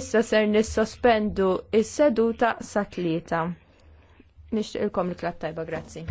Issa ser nissospendu is-seduta sa tlieta. Nixtieqilkom l klat tajba, grazzi.